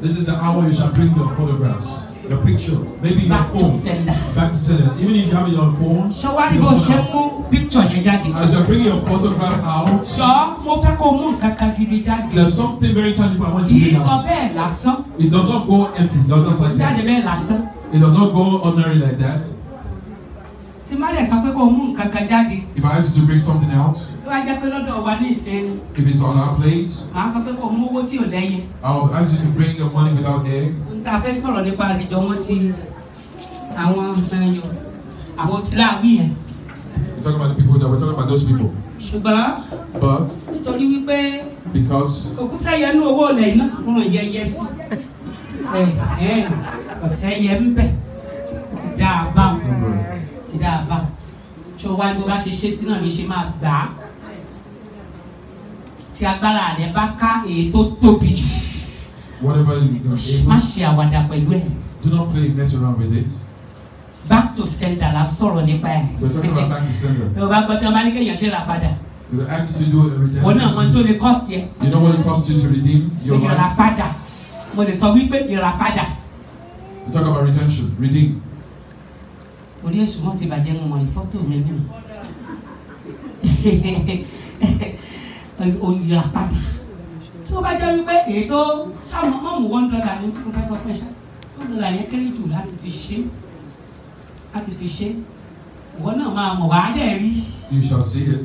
This is the hour you shall bring your photographs. Your picture, maybe your phone. Back to sender. Back to sender. Even if you have your phone. Ṣọwárí bó ṣe mú picture yẹn jáde. As you bring your photograph out. So mo fẹ́ kó mú nǹkan kan There's something very tangible I want you to bring out. It does not go empty. It does not like that. Jáde bẹ́ẹ̀ lásán. It does not go ordinary like that tí má sọ pé kó mú nǹkan kan jáde. if I ask you to bring something out. tó bá jẹ́ pé lọ́dọ̀ wa ní ìsẹ́nu. if it's on our plate. màá sọ pé kó mú owó tí ò lẹ́yìn. I will ask you to bring your money without egg. n ta fẹ́ sọ̀rọ̀ nípa àrìjọ wọn ti àwọn eh, àwọn tí yẹn. we talk about the people that we talk about those people. ṣùgbọ́n. but. nítorí wípé. because. òkú sẹ́yẹ inú owó ọ̀lẹ̀ iná ràn yẹyẹ sí. ẹ ẹ kò sẹ́yẹ ń bẹ̀ ó ti dáa báwọn tí dáàbà ṣọ wá ní bó bá ṣe ṣe sí náà ní ṣe máa gbà á tí agbára rẹ bá ká èyí tó tóbi jù má ṣe àwàdà pẹ̀lú ẹ̀. Do not play mess around with it. Back to sender la sọ̀rọ̀ nípa ẹ̀. We're talking about back sender. Yorùbá gbọ́ tí wọ́n bá ní kéèyàn ṣe rà padà. You were asked to do a redemption. Wọ́n náà mọ tó lè cost yẹ. You know what it cost you to redeem your life? Ìràpadà. Mo lè sọ wípé ìràpadà. We talk about redemption, redeem orí èṣù mọ́ ti bàjẹ́ mo mọ̀ ní fọ́tò mi nù òyìnbá padà tí ó bá jẹ́ wípé ètò sáwọn mọ́mù one dollar ní tí mo fẹ́ sọ fún ẹ̀ṣá one dollar yẹn kéré jù láti fi ṣe láti fi ṣe ìwọ náà máa mọ̀ wá dẹ̀ rí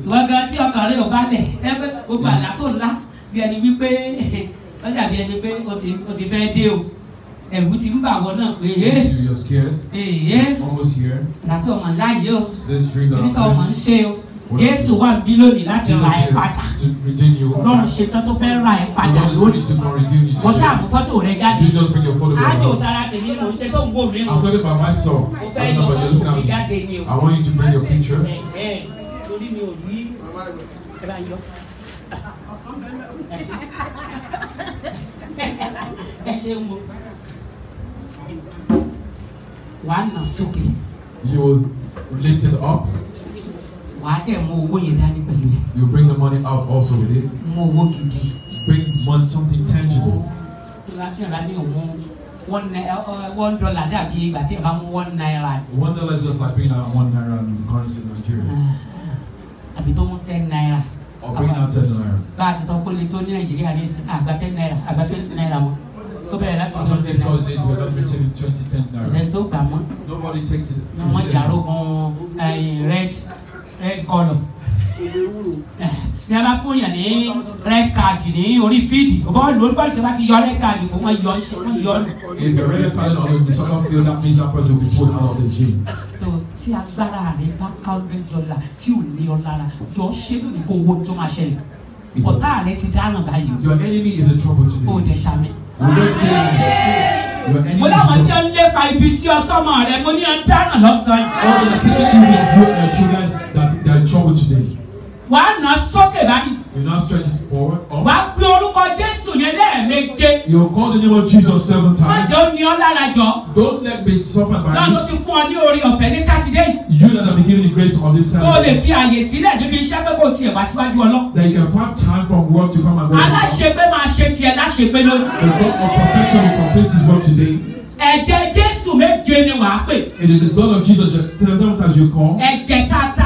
ìwọ gan tí ọkàn rẹ ò bá lẹ̀ ẹgbẹ́ gbogbo àlá tó ńlá bí ẹni wípé ó dàbí ẹni pé ó ti fẹ́ dé o ẹ̀rù ti ń bà wọ́n náà pé ee ee látọ̀ ọmọ láàyè o nítorí ọmọ ń ṣe o Jésù wà bí lónìí láti ra ẹ padà Ọlọ́run ṣetán tó fẹ́ ra ẹ padà lónìí mo ṣàmú fọ́tò rẹ jáde ájò tara tèmi ni mo ṣe tó ń bò mí o mo fẹ́ yọ fọ́tò mi jáde ni o torí mi ò ní ẹ bá yọ ẹ ṣe ẹ ṣe ń wo wàá sókè. you lift it up. wàá dẹ̀ mú owó yẹn dání pẹ̀lú ẹ̀. you bring the money out also with it. mú owó gidi. bring one something tangible. lákìlá ní òun uh, uh, one dollar dàbí ìgbà tí ẹ bá mú one naira. one dollar is just like bringing out one naira in currency in Nigeria. Ah, àbí tó mú ten naira. or bring out ten naira. bá a ti sọ pé olè tó ní Nàìjíríà ní àgbà ten naira àgbà twenty naira mọ́ bẹ̀rẹ̀ láti ọ̀tún ọ̀tún náà. all days we are not twenty ten naira. ẹsẹ̀ tó gbà mọ́. nobody takes it. wọ́n jàró gan red red colour. bí a bá fún yàn ní red card ní orí fíìdì bọ́ọ̀lù olùgbàlù tí a bá ti yọ red card fún wọn yọ ṣe wọn yọ if the red card on the soccer field that means that person will be pulled out of the gym. so tí agbára rẹ bá káwé dọ́là tí ò ní ọ lára jọ ṣé lónìí kó owó tó máa ṣẹlẹ̀ ọ̀tá rẹ ti dáràn báyìí. your enemy is in trouble today. o dẹ̀ ṣàmì mo láwọn tí ń lépa ibi sí ọsọmọ rẹ mo ní ẹ ń dáná lọ́sàn-án. all the people who dey do their children that their trouble today. wàá nà sókè báyìí. You now stretch it forward. Wà á orúkọ Jésù yẹn lẹ́ẹ̀méje. You call the name of Jesus seven times. Má jẹ́ ó ní ọ́ lára jọ. Don't let me suffer by you. Lọ́dún ti fún ọ ní orí ọ̀fẹ́ ní Sátidé yìí. You that have been given the grace on this Saturday. Kó o lè fi àyè sílẹ̀ níbi iṣẹ́ pé kò tiẹ̀ wá síwájú ọlọ́. That you can find time from work to come and work. Aláṣepé máa ṣe tiẹ̀ láṣepé lónìí. The work of perfection will complete his work today. Ẹ̀jẹ̀ Jésù méje ni wàá pè. It is the blood of Jesus that seven times you call. Ẹ̀jẹ̀ tá a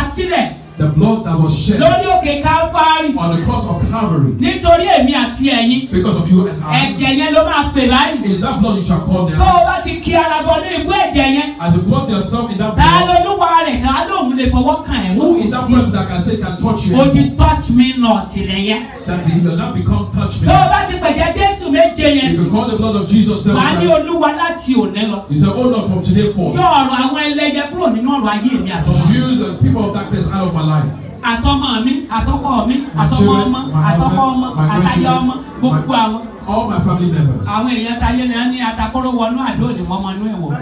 the blood that was shed. lórí òkè Calvary. on the cross of Calvary. nítorí èmi àti ẹ̀yin. because of you and I. ẹ̀jẹ̀ yẹn ló máa pè báyìí. is that blood you shall call them. tó o bá ti kí ara bọ ní ìwé ẹ̀jẹ̀ yẹn. as you put yourself in that blood. ta ló lúwa rẹ̀ ta lóun lè fọwọ́ kan ẹ̀ wọ́n kò sí. who is that person that can say can touch you. o touch me not ilẹ̀ that you will not become touch me. tó o bá ti pẹ̀jẹ̀ Jésù méje yẹn sí. you call the blood of Jesus seven times. wàá ní olúwa láti òní lọ. he said hold on from today forth. yọ ọ̀rọ̀ àwọn ẹlẹ́yẹ kúrò nínú ọ̀rọ̀ ayé mi àtọ́wọ́. use the people of darkness out of my life life. mi àtọkọ mi àtọmọ ọmọ àtọkọ ọmọ àtayé ọmọ gbogbo àwọn. all my family members. àwọn èèyàn tayé náà ní atakóró wọnú àdó òní mọ́mọ́ inú ẹ̀wọ̀.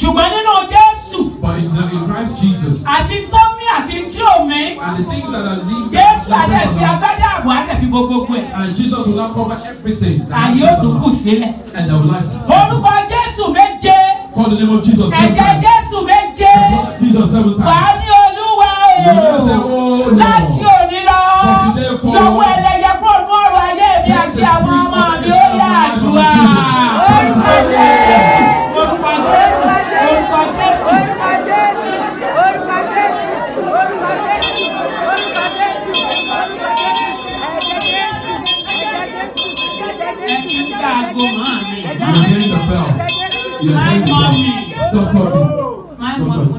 ṣùgbọ́n nínú jésù. but in, in Christ Jesus. àti tọ́mí àti tí omi. and the things that are living. jésù adé fi agbádá àbò adé fi gbogbogbò ẹ̀. and Jesus will now cover everything. àyè ó tún kù sílẹ̀. and their life. orúkọ jésù méje. call the name of Jesus. ẹ̀jẹ̀ jésù méje. the blood of Jesus seven times. wàá ní láti òní lọ lọ́wọ́ ẹlẹ́yẹ kúrò ní ọ̀rọ̀ ayé mi àti àwọn ọmọ mi ó yà àdúrà. orúkọ Jésù orúkọ Jésù orúkọ Jésù. My mommy. Stop talking. My mommy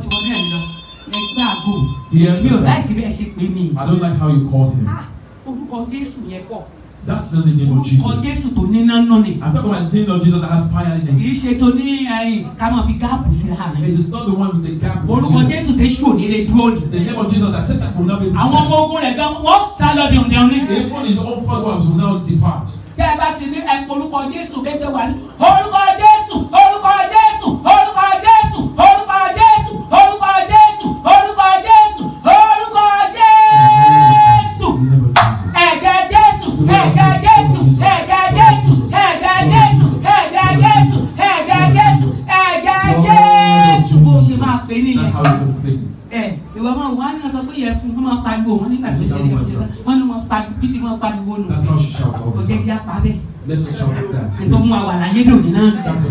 yẹn mi ò láìkí bẹ́ẹ̀ ṣe pé mi. I don't like how you called him. Ah, orúkọ Jésù yẹn pọ̀. That's not the name of Jesus. Orúkọ Jésù tó ní nánú ni. I'm talking about the name of Jesus that has fire in it. Kì tó ní eh, ká máa fi gáàpù sí láàrin. It is not the one with the gap. Orúkọ Jésù tẹ ṣù òní lè dúró ni. The name of Jesus that Satan will not be able to. Àwọn ọmọ ogun rẹ̀ gan wọ́n sá lọ dẹ̀hùn dẹ̀hùn ni. Even his own followers will now depart. Tẹ́ bá ti ní eh, orúkọ Jésù lẹ́tẹ̀ wá ní. Orúkọ Jésù! Orúkọ Jésù! Orúkọ let us shout like that. Ètò mu àwàlà yé lòdì náà. That's the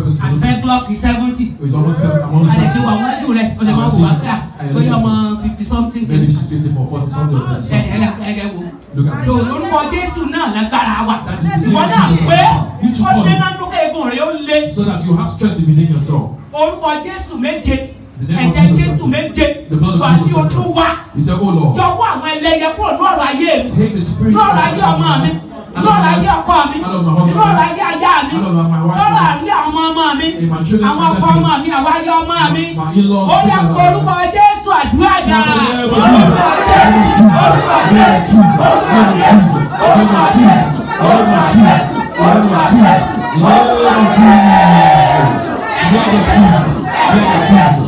person clock seventy. It's almost seven among seven. o lè máa wò wá kíá ah, bóyá ọmọ fifty fifty something. Ẹ ẹ ẹ ẹ wo. So orúkọ Jésù náà wa. Ìwọ náà pé ó lé náà lókè rẹ̀ ó lé. So that you have strength to believe yourself. méje ẹ̀jẹ̀ jésù méje wà ní olúwa yọwọ́ oh, àwọn ẹlẹ́yẹ kúrò ní ọ̀rọ̀ ayé mi ní ọ̀rọ̀ ayé ọmọ mi ní ọ̀rọ̀ ayé ọkọ mi ní ọ̀rọ̀ ayé aya mi ní ọ̀rọ̀ ayé àwọn ọmọ mi àwọn ọkọ ọmọ mi àwọn ayé ọmọ mi ó yẹ kó orúkọ jésù àdúrà dà orúkọ jésù orúkọ jésù orúkọ jésù orúkọ jésù orúkọ jésù orúkọ jésù orúkọ jésù. Blood of Jesus, blood of Jesus.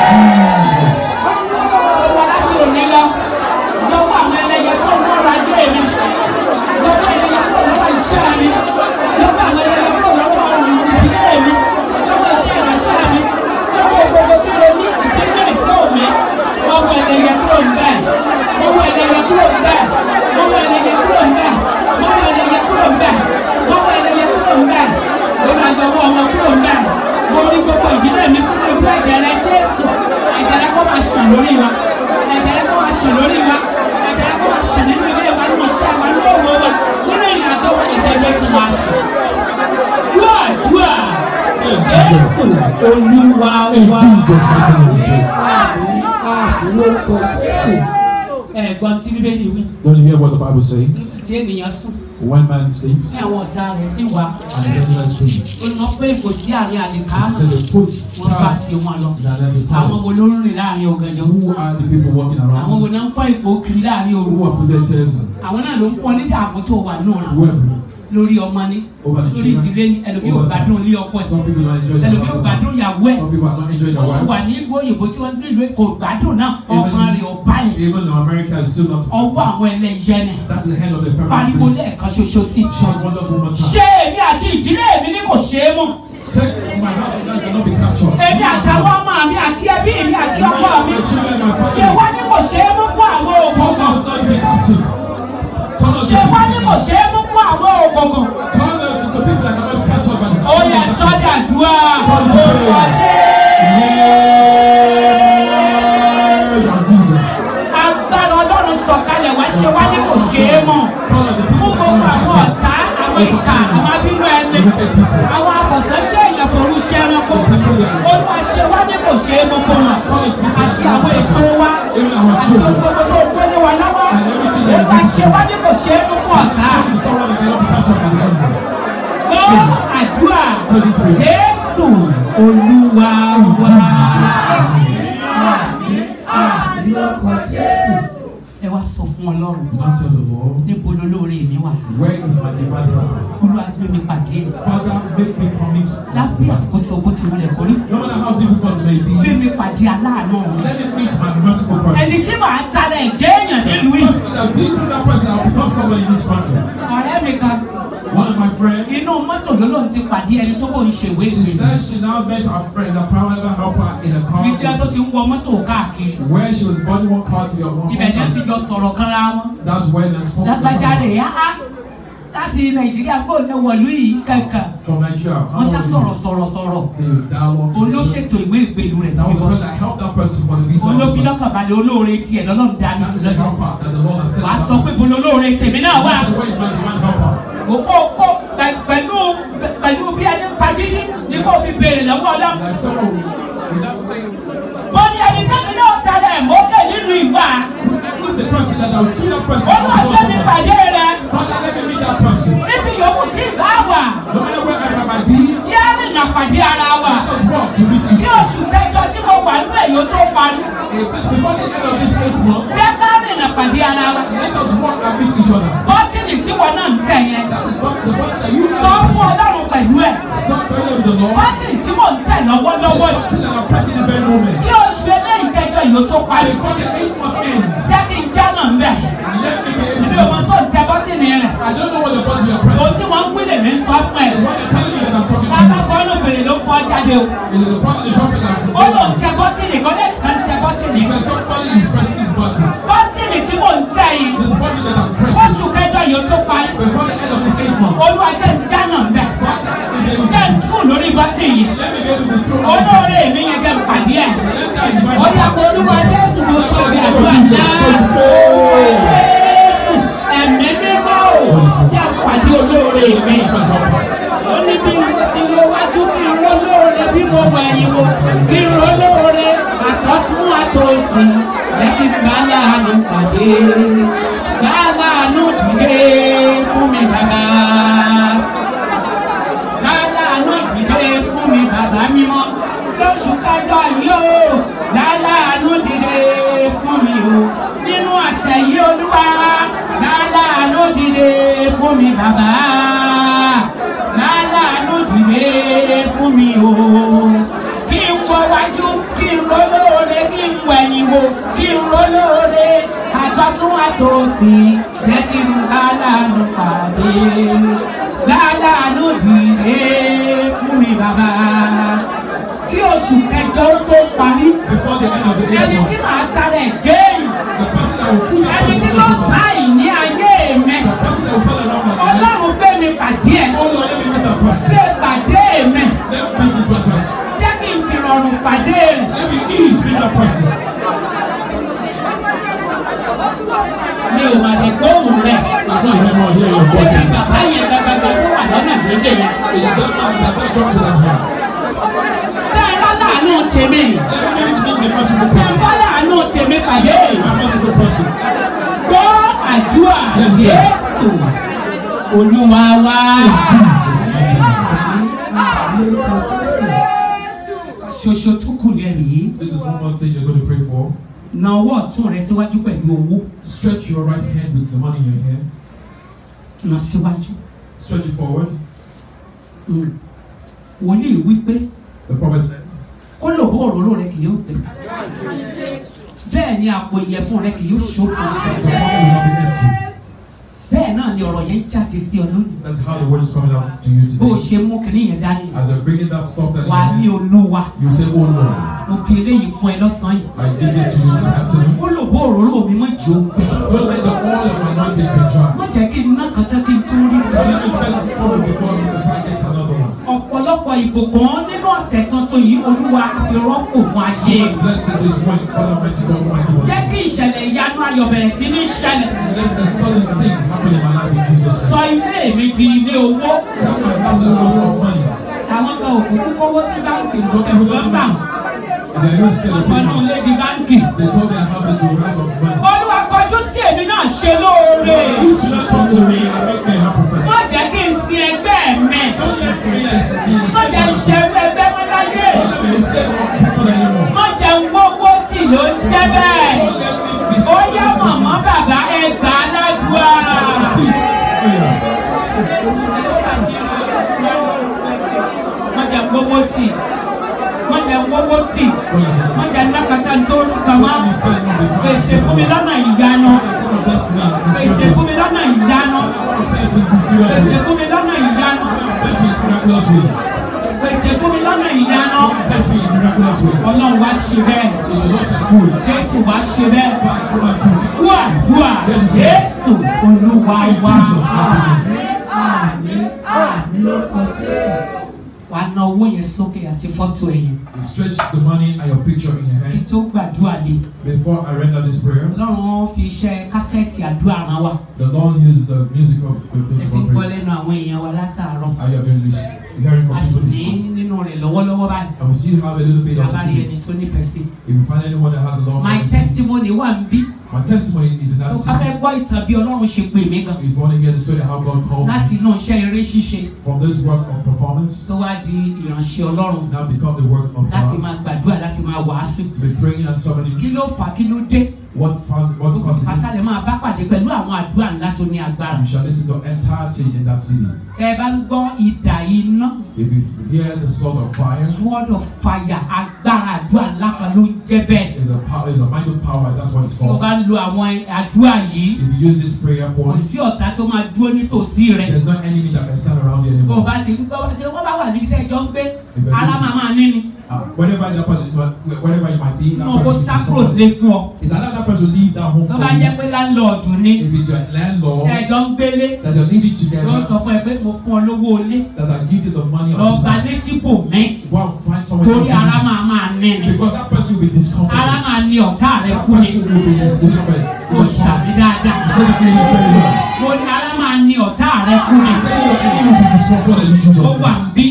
sùn. One man sleeps. Ní àwọn ọ̀tá rẹ̀ sì wá. And the other sleep. Olùmọ̀ pé kò sí àárín àlèkà mọ́. So they put task. Wọ́n bá ti wọn lọ. Àwọn wo ló ń rìn láàrin ọ̀gànjọ́? Who are the people walking around? Àwọn wo náà ń fọ́ ipò kiri láàrin òru? Who are protectors? Àwọn náà ló ń fọ́ nígbà àpótò wà náà. Who lórí ọmọ ni lórí ìdílé ni ẹlòmíì ò gbádùn ọkọ ẹ ẹlòmíì ò gbádùn ẹ ó sì wà ní ìlú òyìnbó tí wọ́n ń lò kò náà ọkàn rẹ̀ ò báyìí ọwọ́ àwọn ẹlẹ́yẹ ni pariwo lẹ́ẹ̀kan ṣoṣo sí ṣé èmi àti ìdílé mi ni kò ṣe é mọ́ èmi àtàwọn ọmọ mi àti ẹbí mi àti ọkọ mi ṣé wọ́n ní kò ṣe é mú fún àwọn òkú capacity. ṣé wọ́n ní kò ṣe é mú fún àwọn òkùnkùn. Fathers to people that are not part of an. ó yẹ sọ́jà dùá. olùkọ́ jẹ́. agbára ọlọ́run sọ̀kalẹ̀ wá ṣé wọ́n ní kò ṣe é mọ̀. fún gbogbo àwọn ọ̀tá àwọn ìka àwọn abínú ẹni àwọn akọ̀sẹ́ṣẹ́ iṣẹ́ ẹranko olúwa ṣe wá ní kò ṣe é mú fún wa àti àwọn èso wa àti ohun gbogbo tó gbé ní wa lọ́wọ́ olúwa ṣe wá ní kò ṣe é mú fún ọ̀tá. ó àdúrà jésù olúwa wa. sọ fún ọlọ́run níbo lolóore mi wà olúwa gbé mi pàdé make me commit. lábẹ́ àkóso bó ti wọlé kórí. no matter how difficult it may be. bí mi pàdé aláàánú mi. let me meet my merciful person. ẹni tí màá tara ẹ̀jẹ̀ nílùú yìí. because I be through that person I become somebody in this country. ọ̀rẹ́ mi kan. One of my friends. Inú mọ́tò ló lóun ti pàdé ẹni tó kàn ń ṣe ìwé She said she now met her friend her powerful helper in a car. Ibi tí a tó ti ń wọ mọ́tò káàkiri. Where she was born, one part of your home. Ibẹ̀ ni a ti jọ sọ̀rọ̀ kan wọn. That's where they spoke. Lágbájá rẹ̀ yá á láti nàìjíríà gbòòlẹ̀ wọ̀lú yìí kankan wọ́n ṣá sọ̀rọ̀ sọ̀rọ̀ sọ̀rọ̀ olóṣètò ìwé ìgbèlú rẹ̀ tó fi bọ́ sí olófin lọ́kàn balẹ̀ olóore tiẹ̀ lọ́lọ́run darí sí lọ́dọ̀ wàá sọ pé bolo olóore tèmi náà wà kó kó pẹ̀lú pẹ̀lú bí ẹni fagídí ni kò fi béèrè lọ́wọ́ ọlọ́run bó ẹni tẹ́mi náà tẹ́lẹ̀ mọ́kẹ́ nílùú ìgbà olùwàgbẹ́ mi pàdé rẹ̀. Father, let me be that person. Níbi yòówù tí ìbá wà. No matter where I might be. Jẹ́ àrìnà pàdé Let us walk to meet you. Ní oṣù kẹjọ tí mo wà nínú èyí Before the end of this eight month. Jẹ́ ká àrìnà pàdé ara Let us walk and meet each other. But in wọn náà ń tẹ̀ yẹn. That is what the body that you are. Sọ fún Ọlọ́run pẹ̀lú ẹ̀. Sọ pẹ̀lú ọ̀dọ̀ lọ. Bọ́tìnì tí mò ń tẹ̀ lọ́wọ́lọ́wọ́ yìí. Bọ́tìnì àwọn pẹ́sìdì fẹ́ mú mi. Kí Before the eight month ends. Jẹ́ kí n bọ́tìnì rẹ̀. I don't know what the bottle you're pressing. Ohun tí wọ́n ń pín lèmi sọ pẹ̀. Wọ́n ti tẹ́lẹ̀ mi ẹ̀dá tọ́kì. Bàbá fọ́nù fèrè ló fọ́ jáde o. It is the part of the trumpet that I'm. Ó lò ń tẹ bọ́tìnì kan lè kàn tẹ bọ́tìnì. He said somebody is pressing his button. Bọ́tìnì tí mò ń tẹ yìí. This bottle that I'm pressing. Oṣù kẹjọ yìí ó tó parí. Before the end of this eight months. Olúwa jẹ́ ń dáná mbẹ́. Jẹ́ ń tún lórí bọ́tìnì. Olóore mi yẹn kẹ́ ń pàdé ẹ̀. Ó yà kó Olúwa Jésù ló sọ ìgbà àdúrà náà. ó ní bí mo ti wo wájú kí n rọ́ lóore bí mo wà yìí wo kí n rọ́ lóore àtọ́tún àtòsí jẹ́ kí n bá láàánú pàdé bá láàánú dìde fún mi bàbá bá láàánú dìde fún mi bàbá mímọ́ lóṣù kájọ yìí o bá láàánú dìde fún mi o nínú àṣẹ yìí olúwa bá láàánú dìde fún mi bàbá. mi o kí n fọwájú kí n rólóore kí n wẹ̀yìn wò kí n rólóore àtọ́tún àtòsí jẹ́ kí n lálàánú pàdé lálàánú dìde fún mi bàbá kí oṣù kẹjọ tó parí ẹni tí màá tarẹ̀ jẹ́yìn ẹni tí ló ta ìní ayé mẹ́ ọlọ́run gbé mi pàdé ẹ̀ oh, ṣé pàdé. ò máa lè gbóhùn rẹ̀. bàbá yẹn mọ iye yẹn bọ́ sí. ìjà bàbá yẹn gangan tó wà lọ́nà jẹ́jẹ́ yẹn. èyí fẹ́ máa bàbá bá jọ́ sílẹ̀ hàn. bẹ́ẹ̀ bá láàánú tèmi. bẹ́ẹ̀ bá láàánú tèmi pàdé. gbọ́ àdúrà Jésù Olúwa wa. ṣoṣo tó kù lẹ́yìn. This is one more thing you're going to pray for na ọwọ́ ọ̀tún rẹ síwájú pẹ̀lú owó. stretch your right hand with the money in your hand. na síwájú. stretch it forward. Hmm. wòlíì wí pé. the prophet said. kó lò bó òróró rẹ kì yóò gbẹ. bẹ́ẹ̀ ni àpò ìyẹ̀fun rẹ kì yóò ṣòfò. bẹ́ẹ̀ náà ni ọ̀rọ̀ yẹn jáde sí ọ lónìí. that's how the word is coming out to you today. bó o ṣe mú kìnìyàn dání. as i bring it that soft and. wà á ní olúwa. you say oh no mo fi eléyìí fún ẹ lọ́sàn-án yìí. I did this to you this afternoon. ó lò bó òróró mi mọ́ jì ó gbẹ. Don't let the oil of my not take petrol. má jẹ́ kí n ná kan tán kí n tún rí. Don't let me spend the phone before you find this another one. ọ̀pọ̀lọpọ̀ ìbùkún nínú ọ̀sẹ̀ tuntun yìí olúwa fi rọ́pò fún ayé. jẹ́ kí ìṣẹ̀lẹ̀ ìyanu ayọ̀ bẹ̀rẹ̀ sí ní ṣẹlẹ̀. sọ ilé mi di ilé owó. àwọn kan òkú kówó sí báńkì ẹ̀rù lọ́gbà ọ̀nà olè di báńkì. olúwa kọjú sí èmi náà ṣe lóore. má jẹ́ kí n sin ẹgbẹ́ mi. má jẹ́ n ṣe ẹgbẹ́ mi láyé. má jẹ́ n gbogbo tì ló ń jẹ́ bẹ́ẹ̀. ó yá màmá bàbá ẹgbàá aládùúgbà. Má jẹ́ n gbogbo tì ẹ̀wọ́wọ́ tì mọ̀jà lákàtà nítorí kàmá pèsè fún mi lọ́nà ìyanu pèsè fún mi lọ́nà ìyanu pèsè fún mi lọ́nà ìyanu pèsè fún mi lọ́nà ìyanu ọlọ́run wá ṣe jésù wá ṣe bẹ́ẹ̀ wà dùà jésù olúwa wá. Àmín àmín àmín ọwọ́ yẹn sókè àti fọ́tò ẹ̀yìn. he stretched the money and your picture in your hand. kí tó gbàdúrà lé. before I render this prayer. Ọlọ́run fi iṣẹ́ kásẹ̀tì àdúrà rán wa. the Lord uses the music of your table for prayer. gbọ́ lẹ́nu àwọn èèyàn wa látàárọ̀. I have been listening hearing from people this morning. nínú rẹ̀ lọ́wọ́lọ́wọ́ báyìí. I will still have a little bit of sleep. sábà rí ẹni tó nífẹ̀ẹ́ sí. if you find anyone that has a long time. my testimony wà ń bí. My testimony is in that same. Afẹ́ gbọ́ ìtàn Ọlọ́run ṣe pè mí gan. If you want hear the story of how God called me. Láti inú iṣẹ́ eré ṣíṣe. From this work of performance. Tó wá di ìránṣẹ́ Ọlọ́run. Now become the work of God. Láti máa gbàdúrà láti máa wàásù. To be praying and summoning. Kí ló fà kí ló dé? What found what caused it? Àtàlẹ̀ máa bá pàdé pẹ̀lú àwọn àdúrà ńlá tó ní agbára. You shall listen to entirety in that city. Ẹ bá ń gbọ́ ìdà iná. If you hear the sword of fire. Sword of fire agbára àdúrà lákan ló ń jẹ́ bẹ́ẹ̀. It's a power it's a mighty power that's what it's called. Tí o bá ń lo àwọn àdúrà yìí. If you use this prayer point. Kò sí ọ̀tá tó máa dúró nítòsí rẹ̀. There's no enemy that can stand around you anymore. Bó o bá ti gbọ́ tí wọ́n bá wà níbi tẹ́ ẹjọ́ ń gbé. Ara máa máa ní ni. Ah, whenever that person whenever you might be that no, person. Mo kó sacro lé Is that that person leave that home for you? Tó jẹ́ pé landlord ni. If it's your landlord. Ẹ̀jọ̀ ń gbélé. That you're living together. Yóò sọ fún ẹ pé mo fún ọ lówó ilé. That I give you the money lọ gba lésìkò mẹ́ torí ara máa máa nẹ́ni ara máa ní ọ̀tá rẹ kú ni kò ṣàbí dáadáa mo ní ara máa ní ọ̀tá rẹ kú ni ó wà ń bí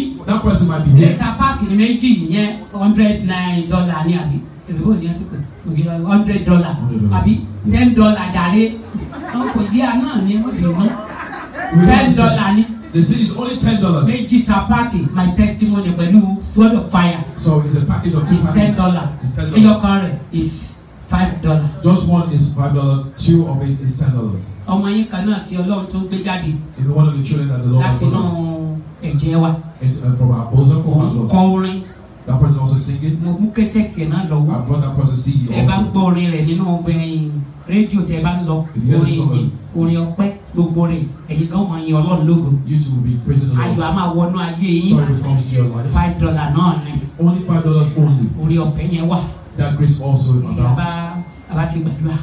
lẹ́tà páàkì méjì yẹn hundred nine dollar ní àbí èrè bò ní ti pè òye hundred dollar àbí ten dollar jàre ọkọ̀ díà náà ni ó dì mọ́ ten dollar ni. They say it's only ten dollars. Méjì ta páàkì my testimony pẹ̀lú sword of fire. So it's a package of two packages. It's ten dollars. It's ten dollars. Ẹyọkan rẹ̀ is five dollars. Just one is five dollars, two of it is ten dollars. Ọmọ yín kan náà tí Ọlọ́run tó gbé jáde. If you want to be children that the Lord has given. Láti inú ẹ̀jẹ̀ wa. Uh, from our bosom from our Lord. Kọ orin. That person also singing. Mo mú kẹsẹ̀ tiẹ̀ náà lọ́wọ́. I brought that person to see you also. Tẹ bá ń gbọ́ orin rẹ̀ nínú rédíò tẹ bá ń lọ. If you orin ọpẹ́ gbogbo rẹ̀ ẹ̀yin gan máa yin Ọlọ́run lógo. you will be praising a máa wọnú ayé yín. five dollar náà ni. only five dollars only. orí ọ̀fẹ́ yẹn wà. that grace also is about. bá a bá ti gbàdúrà.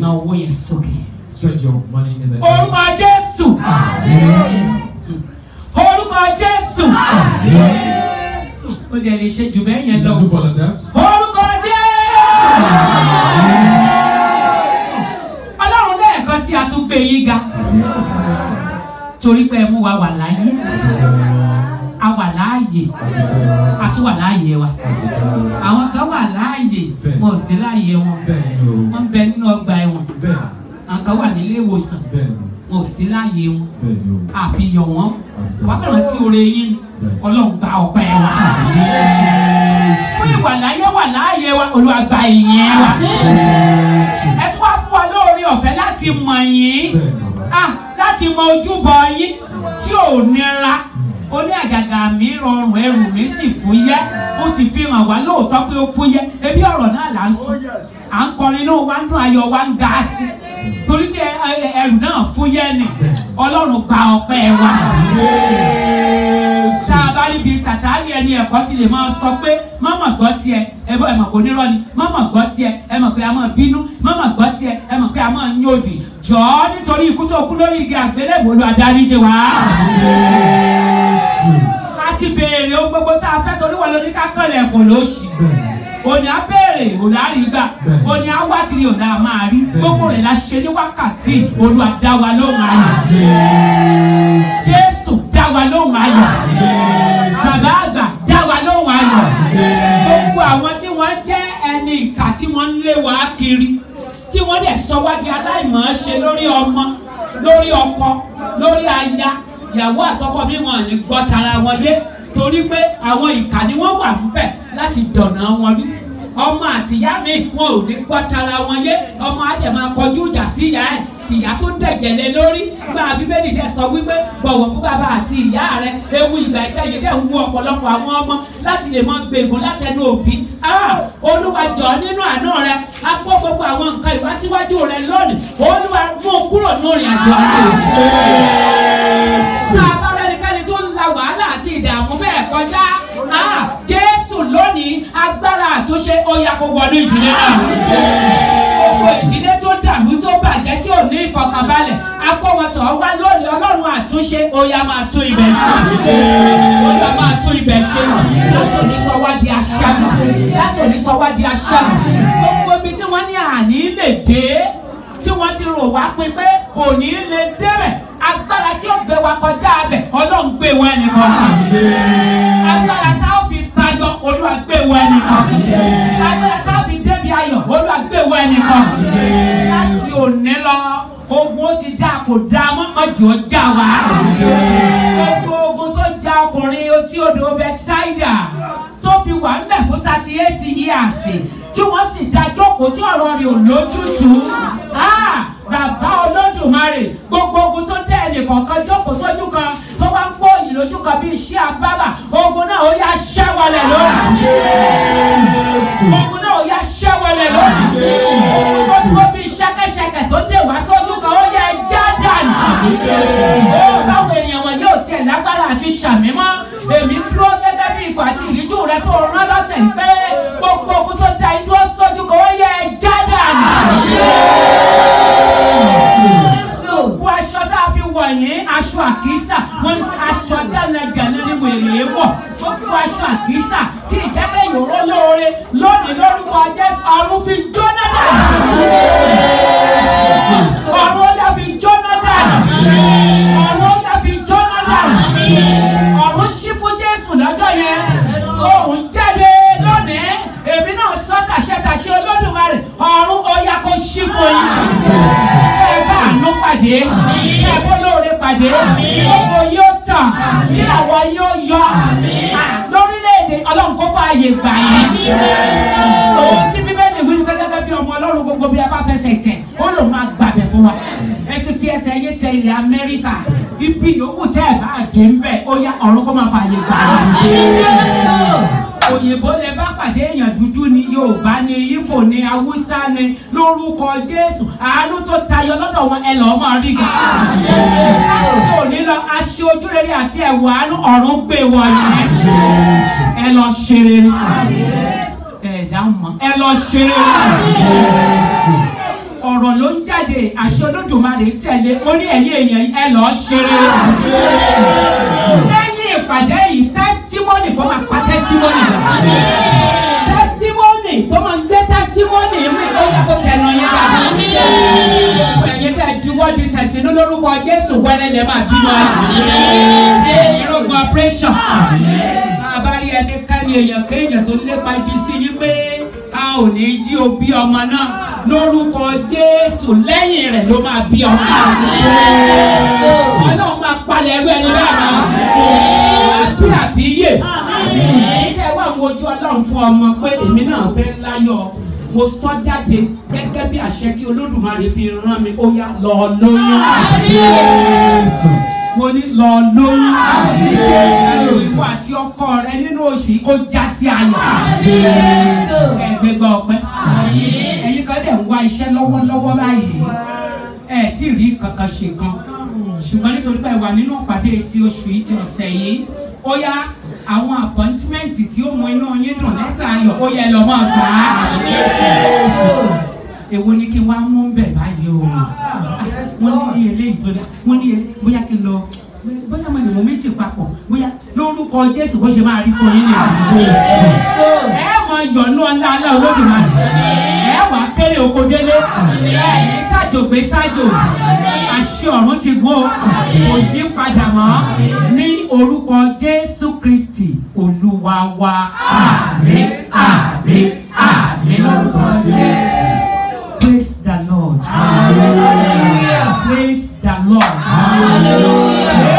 na owó yẹn sókè. stretch your money in the. orúkọ Jésù. orúkọ Jésù. ó dẹ̀ lè ṣe jù bẹ́ẹ̀ yẹn lọ. orúkọ Jésù sí àtúngbè yín ga torí pé ẹ mú wa wà láyé a wà láàyè a tún wà láàyè wa àwọn kan wà láàyè wọn ò sí láàyè wọn wọn bẹ nínú ọgbà ẹ̀wọ̀n àwọn kan wà nílé ìwòsàn wọn ò sí láàyè wọn àfihàn wọn wákàtí oore yín Ọlọ́run gba ọpẹ́ wa fún ìwà láyé wà láàyè wa olúwa gba ìyẹn wa ẹ tún wá fún wa lóore ọ̀fẹ́ láti mọ̀ yín láti mọ ojúbọ yín tí ò nira ó ní àjàgà mi rọrùn ẹrù mi sì fúyẹ́ ó sì fi hàn wá lóòótọ́ pé ó fúyẹ́ ebi ọ̀rọ̀ náà là ń sùn oh, à ń kọrin inú wa ń dún ayọ̀ wa ń ga sí torí pé ẹrù náà fúyẹ́ ni ọlọ́run gba ọpẹ́ wa tá a bá rí bíi sàtáàlì ẹni ẹ̀kọ́ ti lè máa sọ pé mọ́mọ̀ gbọ́ tiẹ̀ ẹ bọ́ ẹ mọ̀ ni mọ́mọ̀ gbọ́ tiẹ̀ ẹ pé a máa bínú mọ́mọ̀ gbọ́ tiẹ̀ ẹ pé a máa ń yóòdì jọ nítorí ikú tó kú lórí igi àgbélébòlù adáríjẹ ti béèrè ohun gbogbo tá a fẹ́ torí wọ́n lóní ká kànlẹ̀ ẹ̀kọ́ ló ṣì òní á béèrè òní á rí gbà òní á wá kiri òní á máa rí gbogbo rẹ̀ la ṣe ní wákàtí Olúwa dá wa lóhùn ayọ̀ Jésù dá wa lóhùn ayọ̀ bàbá àgbà dá wa lóhùn ayọ̀ gbogbo àwọn tí wọ́n jẹ́ ẹni ìkà tí wọ́n ń lé wa kiri tí wọ́n dẹ̀ sọ wá di aláìmọ̀ ṣe lórí ọmọ lórí ọkọ lórí aya ìyàwó àtọkọ mi wọn ní gbọ́ tara wọn yé torí pé àwọn ìkà ni wọ́n wà níbẹ̀ láti dọ̀nà wọn rú ọmọ àtìyá mi wọn ò ní gbọ́ tara wọn yé ọmọ á jẹ̀ máa kọjú ìjà sí ìyá ẹ̀ ìyá tó dẹ̀jẹ̀ lé lórí máa bíbélì dẹ̀ sọ wípé bọ̀wọ̀ fún bàbá àti ìyá rẹ ewu ìgbà ìkẹyìn dẹ̀ ń wú ọ̀pọ̀lọpọ̀ àwọn ọmọ láti lè mọ gbègùn látẹnu òbí ah! olúwa jọ nínú àánú rẹ a kó gbogbo àwọn nǹkan ìwásíwájú rẹ lónìí olúwa mú kúrò lórí àjọ rẹ. bàbá rẹ nìkan tó ń la wàhálà àti ìdààmú bẹ́ẹ̀ kọjá ah! jésù lónìí agbára àtúnṣe ó yá kó wọnú ìdílé náà. ìdílé dàlú tó bàjẹ́ tí ò ní ìfọkànbalẹ̀ akọ́ wọn tọ̀ wá lónìí ọlọ́run àtúnṣe oyà máa tún ibẹ̀ ṣe oyà máa tún ibẹ̀ ṣe látòní sọ wá di aṣáájú látòní sọ wá di aṣáájú gbogbo ibi tí wọ́n ní àní lè dé tí wọ́n ti rò wá pé pé kò ní lè débẹ̀ agbára tí ó gbé wa kọjá abẹ ọlọ́run gbé wa ẹnìkan agbára tá a fi tayọ olúwa gbé wa ẹnìkan agbára tá a fi débi ayọ̀ olúwa gbé wa ẹnìkan láti òní lọ ogun ó ti dá kò dá mọ́mọ́jì ó já wa. gbogbo ogun tó ja ọkùnrin tí odò bethsaida tó fi wà ńbẹ̀ fún thirty eight years tí wọ́n sì dájókòó tí ọ̀rọ̀ rẹ̀ ò lójútùú ah! bàbá olódùmarè gbogbo ogun tó dẹ́ ẹnì kọ̀ọ̀kan jókòó sójú kan lójú kan bí iṣẹ́ agbára ogun náà ó yá ṣẹ́ wọlé lónìí ogun náà ó yá ṣẹ́ wọlé lónìí tó dúró bí ṣẹ́kẹ́ṣẹkẹ̀ tó dé wá sójú kan ó yẹ já dànù ó báwo ènìyàn wọn yóò tiẹ̀ lágbára àti ṣàmì mọ́ èmi dúró gẹ́gẹ́ bí ikọ̀ àti ìríjú rẹ tó rán lọ́tẹ̀ pé gbogbo ogun tó da idúró sójú kan ó yẹ já dànù. Gbogbo aṣọ tá a fi wọ̀ yìí aṣọ àkísà wọn aṣọ gánagànà ni wèrè wọ̀ ó kú aṣọ àkísà tí ìjẹ́kẹ́ ìhòòrò lóore lónìí lórúkọ Jésù ọ̀run fi jóná dànù ọ̀run ó yá fi jóná dànù ọ̀run ó yá fi jóná dànù ọ̀run ṣí fún Jésù lọ́jọ́ yẹn òun jáde lónìí èmi náà sọ tàṣẹ́tàṣẹ́ Olódùmarè ọ̀run ó yá ṣí fún yín kẹ́ ẹ bá àánú pàdé kẹ́ ẹ bọ́ lóore pàdé gbogbo yóò tàn kí làwọn yóò yọ lórílẹ̀ ọlọ́run kó fààyè gbà yẹn òun tí bíbélì wí ni gẹ́gẹ́ bí ọmọ ọlọ́run gbogbo bí a bá fẹsẹ̀ tẹ̀ ó lòun máa gbàbẹ̀ fún wa ẹ ti fi ẹsẹ̀ yé tẹ ilẹ̀ amẹ́ríkà ibi yòówù tẹ́ ẹ̀ bá dé ń bẹ̀ ó yá ọ̀run kó máa fààyè gbà yẹn òyìnbó lè bá pàdé èèyàn yorùbá ni ìgbò ni haúsá ni lórúkọ jésù àánú tó tayọ lọ́dọ̀ wọn ẹ lọ́ọ́ máa rí gbà. aṣọ òní lọ aṣọ ojú rere àti ẹ̀wọ̀ àánú ọ̀run gbé wọn yẹn ẹ lọ ṣe rere ẹ dáhùn mọ́ ẹ lọ ṣe rere ọ̀rọ̀ ló ń jáde àṣẹ olódùmarè tẹ̀lé orí ẹ̀yìn èèyàn ẹ lọ́ọ́ ṣeré. lẹ́yìn ìpàdé yìí tẹ́sítímọ́nì kọ́ máa pa tẹ́sítímọ́nì rẹ̀ testimony tó máa gbé testimony mi ó yàtọ̀ tẹ̀nà yẹn dàbí. ẹ̀yin tẹ́ juwọ́ di sẹ̀sínú lórúkọ Jésù wẹ́rẹ́ lè máa bímọ àbí. ìrógun operation. máa bá rí ẹni ká ní èèyàn kéèyàn tó lépa ibi sí yí pé a ò ní jí o bí ọmọ náà lórúkọ Jésù lẹ́yìn rẹ̀ ló máa bí ọmọ. Ọlọ́run máa palẹ̀ ẹrú ẹni bá a máa. àṣírí àbíyè ẹ̀yin tẹ́ wà ń wojú ọlọ́run fún ọmọ pé èmi náà fẹ́ láyọ̀ mo sọ jáde gẹ́gẹ́ bí àṣẹ tí olódùmarè fi rán mi ó yá lọ lóyún mo ní lọ lóyún ìwọ àti ọkọ rẹ nínú oṣù kó já sí ayọ̀ ẹgbẹ́ gba ọpẹ́ ẹ̀yin kan dẹ̀ ń wá iṣẹ́ lọ́wọ́lọ́wọ́ báyìí ẹ̀ tí rí kankan ṣe kan ṣùgbọ́n nítorí pé wà nínú ìpàdé ti oṣù yìí ti ọ̀sẹ̀ yìí ó yá àwọn àpọ́ńtímẹ́ǹtì tí ó mú inú yín dùn lẹ́tà ayọ̀ ó yẹ lọ́ mọ́ gbà á. èwo ni kí n wá mú bẹ̀ báyìí o ah, wọ́n ní eléyìí tó dá wọ́n ní e, bóyá kí n lọ bóyá mo lè mú méjì papọ̀ bóyá lórúkọ jésù bó ṣe máa rí fún yín ní àdúgbò yìí ẹ mọ yọ̀nú ọlá ọlá olódùmarè ẹ wà kéré oko délé ẹ ní tàjògbé sájò àṣẹ ọ̀run ti gbó kò yí padà mọ́ ní orúkọ jésù kristi olúwa wa àmín àmín lórúkọ jésù praise the lord praise the lord hallelujah.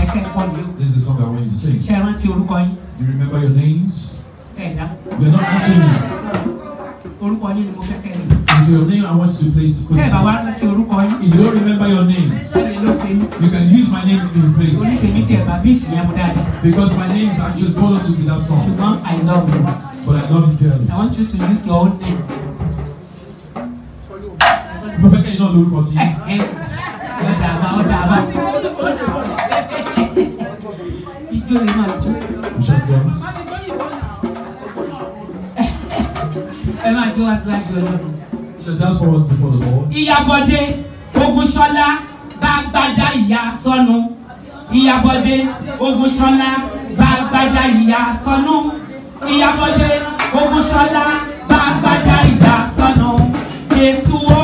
fẹ́ kẹ́ kọ́ ni This is the song I want you to sing. Ṣé ẹ rántí Do you remember your names? Ẹ̀dá. We are not asking you. Orúkọ yín ni mo If your name I want you to place. Tẹ́ ẹ bá wá rántí orúkọ yín. If you don't remember your name. You can use my name in place. Because my name is actually follows you with that song. Mom, I love you. But I love you tell you. I want you to use your own name. Mo fẹ́ kẹ́yìn náà lórúkọ tí. Ẹ ẹ ọ̀dà àbá ọ̀dà àbá. tí wọ́n ti láti ọlọ́run. ṣe dá sọ̀rọ̀ tó fọ̀rọ̀ lọ́wọ́. ìyàbọ̀dé ogunṣọ́lá bá gbádá ìyá sọnù. ìyàbọ̀dé ogunṣọ́lá bá gbádá ìyá sọnù. ìyàbọ̀dé ogunṣọ́lá bá gbádá ìyá